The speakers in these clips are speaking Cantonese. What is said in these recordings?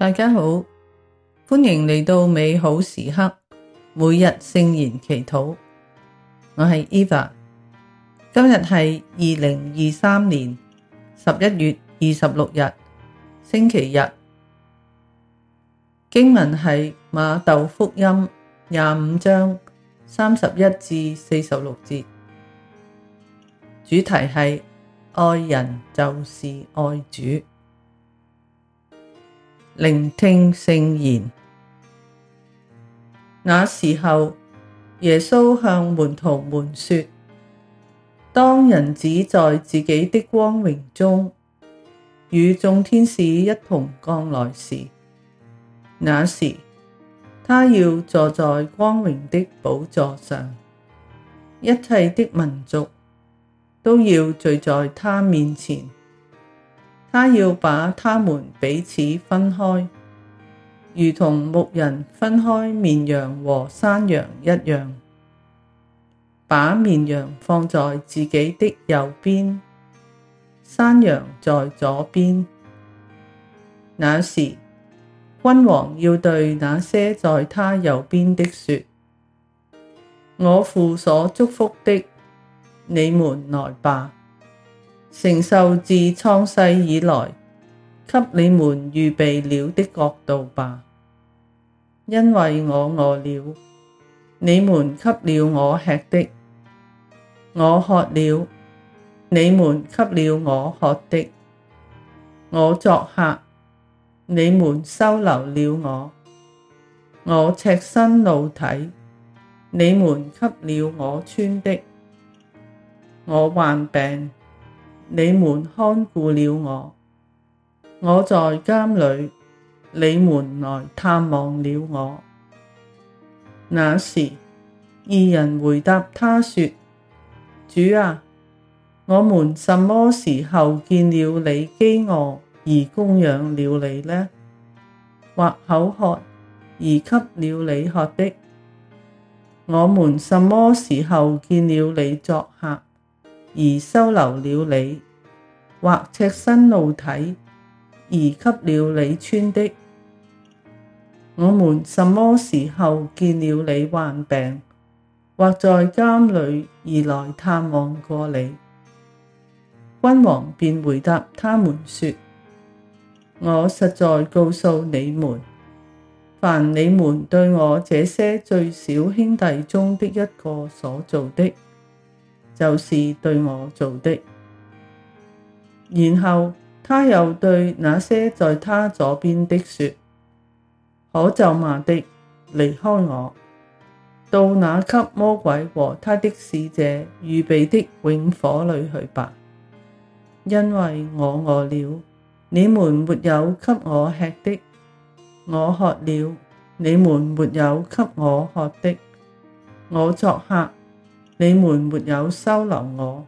大家好，歡迎嚟到美好時刻，每日聖言祈禱。我係 Eva，今日係二零二三年十一月二十六日，星期日。經文係馬竇福音廿五章三十一至四十六節，主題係愛人就是愛主。聆聽聖言。那時候，耶穌向門徒們說：當人子在自己的光榮中，與眾天使一同降來時，那時他要坐在光榮的寶座上，一切的民族都要聚在他面前。他要把他們彼此分開，如同牧人分開綿羊和山羊一樣，把綿羊放在自己的右邊，山羊在左邊。那時，君王要對那些在他右邊的說：我父所祝福的，你們來吧。承受自創世以來，給你們預備了的國度吧，因為我餓了，你們給了我吃的；我渴了，你們給了我喝的；我作客，你們收留了我；我赤身露體，你們給了我穿的；我患病。你們看顧了我，我在監裏，你們來探望了我。那時義人回答他說：主啊，我們什麼時候見了你飢餓而供養了你呢？或口渴而給了你喝的？我們什麼時候見了你作客，而收留了你，或赤身露體而給了你穿的？我們什麼時候見了你患病，或在監裏而來探望過你？君王便回答他們說：我實在告訴你們，凡你們對我這些最小兄弟中的一個所做的，就是對我做的。然後他又對那些在他左邊的說：可咒罵的，離開我，到那給魔鬼和他的使者預備的永火裏去吧，因為我餓了，你們沒有給我吃的；我渴了，你們沒有給我喝的；我作客。你們沒有收留我，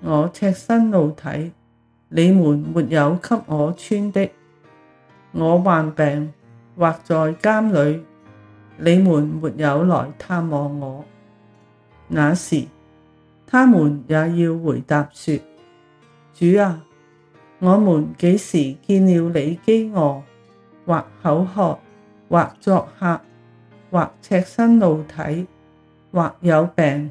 我赤身露體；你們沒有給我穿的，我患病或在監裏；你們沒有來探望我。那時，他們也要回答說：主啊，我們幾時見了你饑餓，或口渴，或作客，或赤身露體，或有病？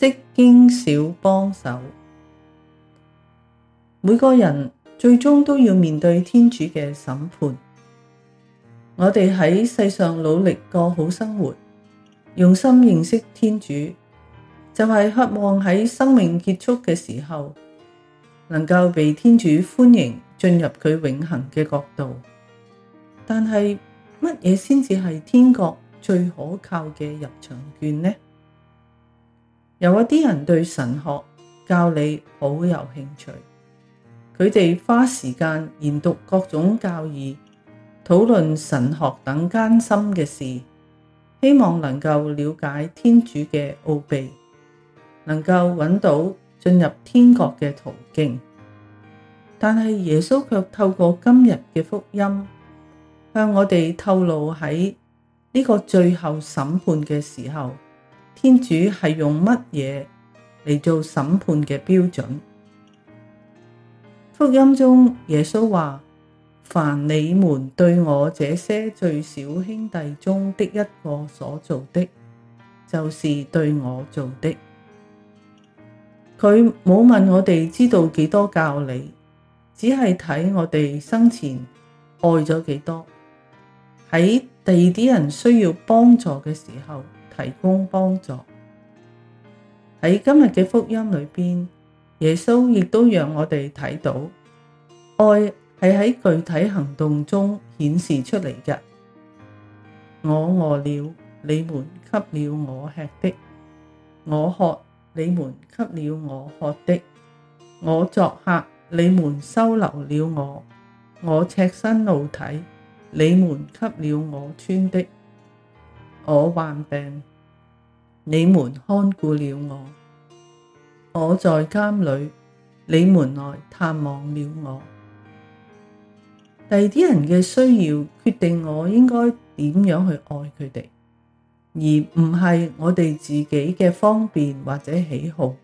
釋經小幫手，每個人最終都要面對天主嘅審判。我哋喺世上努力過好生活，用心認識天主，就係、是、渴望喺生命結束嘅時候，能夠被天主歡迎進入佢永恆嘅國度。但係乜嘢先至係天國最可靠嘅入場券呢？有一啲人對神學教理好有興趣，佢哋花時間研讀各種教義，討論神學等艱深嘅事，希望能夠了解天主嘅奧秘，能夠揾到進入天國嘅途徑。但係耶穌卻透過今日嘅福音，向我哋透露喺呢個最後審判嘅時候。天主係用乜嘢嚟做審判嘅標準？福音中耶穌話：凡你們對我這些最小兄弟中的一個所做的，就是對我做的。佢冇問我哋知道幾多教理，只係睇我哋生前愛咗幾多。喺第二啲人需要幫助嘅時候，提供幫助。喺今日嘅福音裏邊，耶穌亦都讓我哋睇到愛係喺具體行動中顯示出嚟嘅。我餓了，你們給了我吃的；我渴，你們給了我喝的；我作客，你們收留了我；我赤身露體，你們給了我穿的。我患病，你們看顧了我；我在監裏，你們來探望了我。第二啲人嘅需要，決定我應該點樣去愛佢哋，而唔係我哋自己嘅方便或者喜好。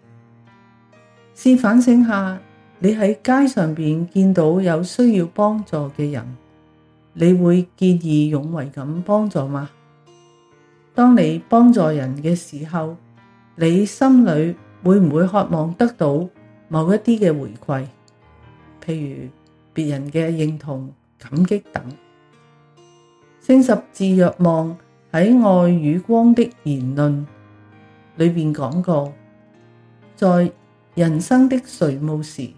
試反省下，你喺街上邊見到有需要幫助嘅人，你會見義勇為咁幫助嗎？當你幫助人嘅時候，你心裏會唔會渴望得到某一啲嘅回饋？譬如別人嘅認同、感激等。聖十字若望喺愛與光的言論裏面講過，在人生的垂暮時，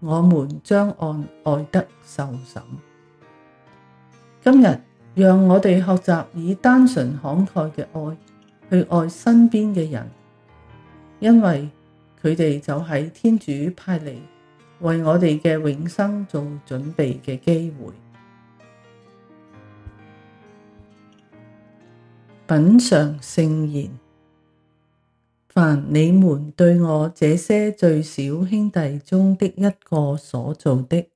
我們將按愛德受審。今日，讓我哋學習以單純慷慨嘅愛去愛身邊嘅人，因為佢哋就喺天主派嚟為我哋嘅永生做準備嘅機會。品嘗聖言，凡你們對我這些最小兄弟中的一個所做的，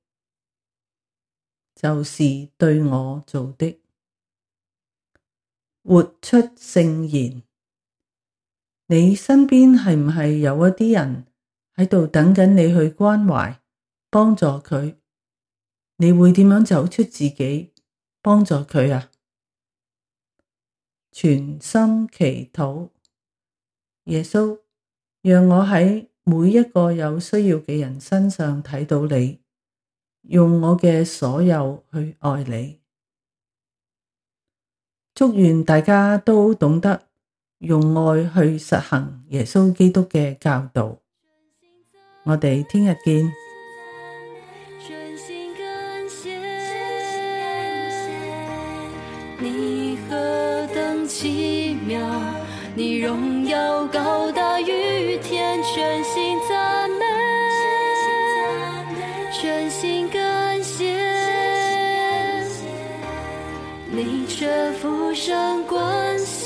就是對我做的。活出聖言，你身邊係唔係有一啲人喺度等緊你去關懷幫助佢？你會點樣走出自己幫助佢啊？全心祈禱，耶穌，讓我喺每一個有需要嘅人身上睇到你，用我嘅所有去愛你。祝願大家都懂得用愛去實行耶穌基督嘅教導。我哋聽日見。 你卻俯身關心。